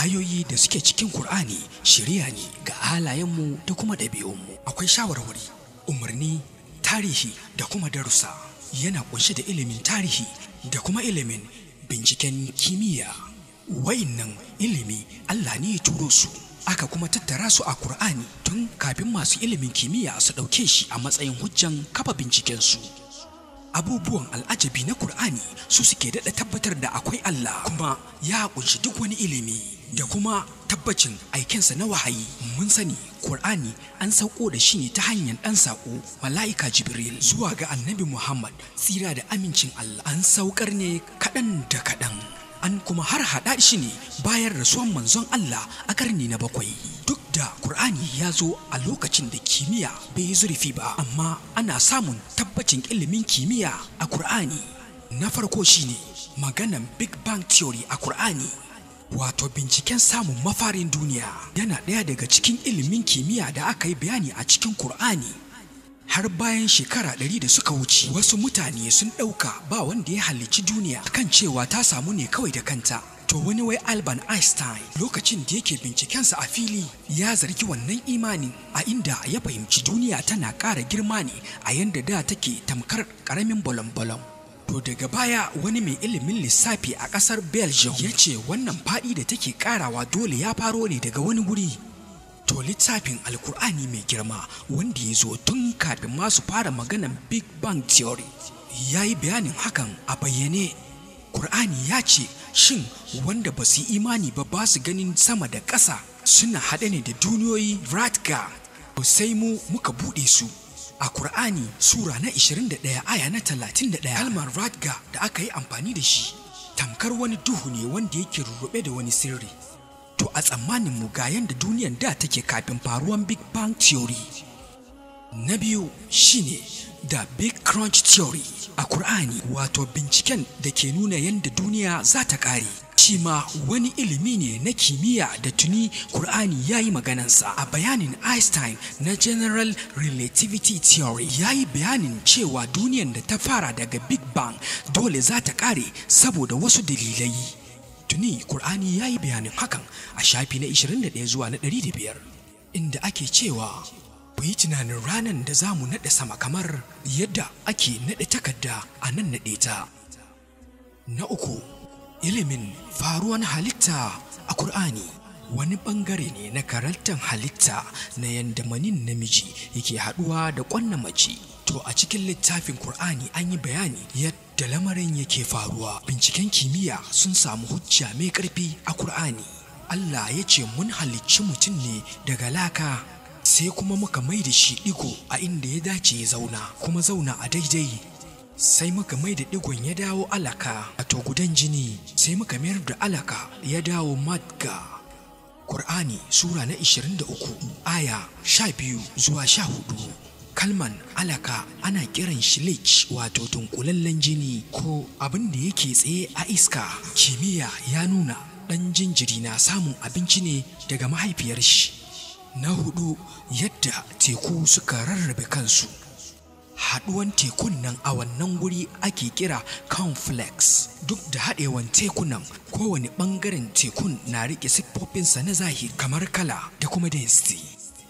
ayoyi da suke cikin Kur'ani shirya ne ga halayenmu da kuma ɗabi'unmu. Akwai shawarwari, umarni, tarihi da kuma darussa. Yana ƙunshe da ilimin tarihi da kuma ilimin binciken kimiyya. Wayannan ilimi Allah ne ya turo su, aka kuma tattara su a Kur'ani tun kafin masu ilimin kimiyya su ɗauke shi a matsayin hujjan kafa binciken su abubuwan al'ajabi na Kur'ani su suke daɗa tabbatar da akwai Allah kuma ya ƙunshi duk wani ilimi da kuma tabbacin aikinsa na wahayi mun sani Kur'ani an sauko da shi ne ta hanyar ɗan saƙo mala'ika Jibril zuwa ga annabi Muhammad tsira da amincin Allah an saukar ne kaɗan da kaɗan an kuma har haɗa shi ne bayan rasuwan manzon Allah a karni na bakwai duk da Kur'ani ya zo a lokacin da kimiyya bai yi zurfi ba amma ana samun tabbacin ilimin kimiyya a Kur'ani na farko shine maganan Big Bang Theory a Kur'ani wato binciken samun mafarin duniya yana ɗaya daga cikin ilimin kimiyya da aka yi bayani a cikin Kur'ani. Har bayan shekara ɗari da suka wuce wasu mutane sun ɗauka ba wanda ya halicci duniya kan cewa ta samu ne kawai da kanta. To wani wai Alban Einstein lokacin da yake bincikensa a fili ya zargi wannan imanin a inda ya fahimci duniya tana ƙara girma ne a yanda da take tamkar ƙaramin bolon-bolon. to daga baya wani mai ilimin lissafi a ƙasar belgium ya ce wannan faɗi da take ƙarawa dole ya faro ne daga wani wuri to littafin alkur'ani mai girma wanda ya zo tun kafin masu fara maganan big bang theory ya yi bayanin hakan a bayyane Kur'ani ya ce shin wanda ba su imani ba ba su ganin sama da ƙasa suna haɗe ne da duniyoyi ratga sai mu muka buɗe su a Kur'ani Sura na 21 aya na 31 kalmar radga da aka yi amfani da shi tamkar wani duhu ne wanda yake rurrube da wani sirri. To a tsammanin mu ga yanda duniyan da take kafin faruwan Big Bang Theory. Na biyu shine da Big Crunch Theory a Kur'ani wato binciken da ke nuna yadda duniya za ta ƙare. cima wani ilimi ne na kimiyya da tuni Kur'ani ya yi maganansa a bayanin Einstein na General Relativity Theory ya yi bayanin cewa duniyar da ta fara daga Big Bang dole za ta ƙare saboda wasu dalilai. Tuni Kur'ani ya yi bayanin hakan a shafi na 21 zuwa na 105 inda ake cewa ku yi tunanin ranar da za mu naɗe sama kamar yadda ake naɗe takarda a nan naɗe ta. Na uku ilimin faruwan halitta a Kur'ani wani bangare ne na karantar halitta na yadda manin namiji yake haɗuwa da ƙwanna mace to a cikin littafin Kur'ani an yi bayani yadda lamarin yake faruwa binciken kimiyya sun samu hujja mai ƙarfi a Kur'ani Allah ya ce mun halicci mutum ne daga laka sai kuma muka mai da shi ɗigo a inda ya dace ya zauna kuma zauna a daidai sai muka mai da digon ya dawo alaka a to gudan jini sai muka mayar da alaka ya dawo madga Kur'ani Sura na 23 aya 12 zuwa 14 kalman alaka ana kiran shi lich wato dunkulallen jini ko abin da yake tsaye a iska kimiyya ya nuna ɗan jinjiri na samun abinci ne daga mahaifiyar shi na hudu yadda teku suka rarrabe kansu haɗuwan tekun nan a wannan guri ake kira conflex duk da haɗewan tekunan kowane ɓangaren tekun na riƙe siffofinsa na zahiri kamar kala da kuma density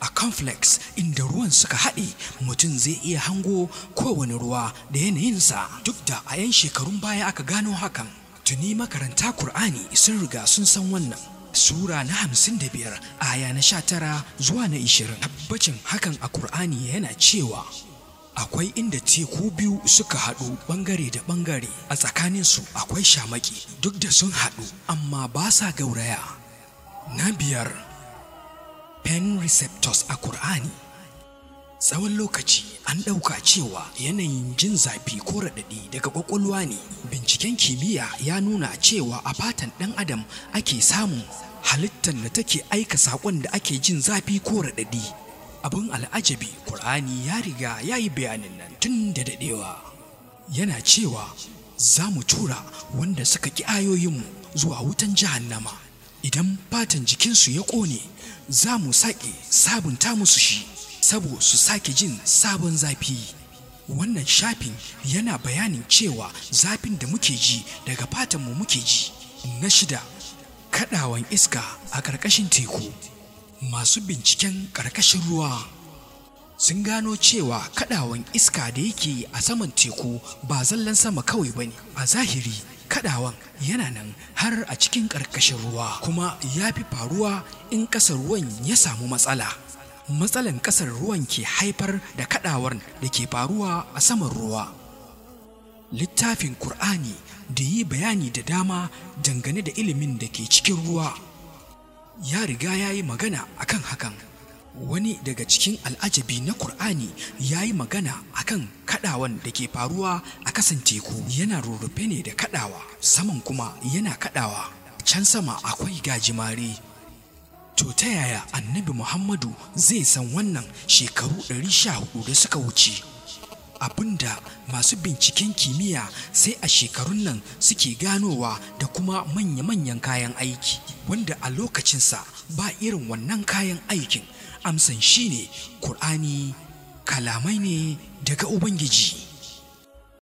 a conflex inda ruwan suka haɗe mutum zai iya hango kowane ruwa da yanayinsa duk da a 'yan shekarun baya aka gano hakan tuni makaranta Kur'ani sun riga sun san wannan Sura na hamsin da biyar aya na sha tara zuwa na ishirin tabbacin hakan a Kur'ani yana cewa akwai inda teku biyu suka haɗu ɓangare da ɓangare a tsakaninsu akwai shamaki duk da sun haɗu amma ba sa gauraya na biyar pen receptors a ƙur'ani tsawon lokaci an ɗauka cewa yanayin jin zafi ko raɗaɗi daga ƙwaƙwalwa ne binciken kimiyya ya nuna cewa a fatan ɗan adam ake samun halittar da take aika saƙon da ake jin zafi ko raɗaɗi abin al'ajabi ƙur'ani ya riga ya yi bayanin nan tun da daɗewa yana cewa za mu tura wanda suka ƙi ayoyinmu zuwa wutan jahannama idan fatan jikinsu ya ƙone za mu sake sabunta musu shi sabo su sake jin sabon zafi wannan shafin yana bayanin cewa zafin da muke ji daga fatanmu muke ji na shida kaɗawan iska a ƙarƙashin teku masu binciken ƙarƙashin ruwa sun gano cewa kadawan iska da yake a saman teku ba zallan sama kawai ba ne. a zahiri kadawan yana nan har a cikin ƙarƙashin ruwa kuma ya fi faruwa in ƙasar ruwan ya samu matsala matsalan ƙasar ruwan ke haifar da kadawar da ke faruwa a saman ruwa littafin Kur'ani da yi bayani da dama dangane da ilimin da ke cikin ruwa ya riga ya yi magana akan hakan wani daga cikin al'ajabi na Kur'ani ya yi magana akan kaɗawan da ke faruwa a kasan teku yana rurrufe ne da kaɗawa, saman kuma yana kadawa can sama akwai gajimare to ta yaya annabi muhammadu zai san wannan shekaru 114 da suka wuce abinda masu binciken kimiyya sai a shekarun nan suke ganowa da kuma manya-manyan kayan aiki wanda a lokacinsa ba irin wannan kayan aikin amsan shine Kur'ani kalamai ne daga Ubangiji.